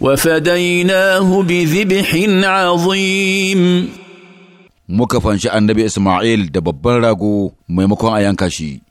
وفديناه بذبح عظيم muka fanshi annabi Ismail da babban rago maimakon a yanka shi.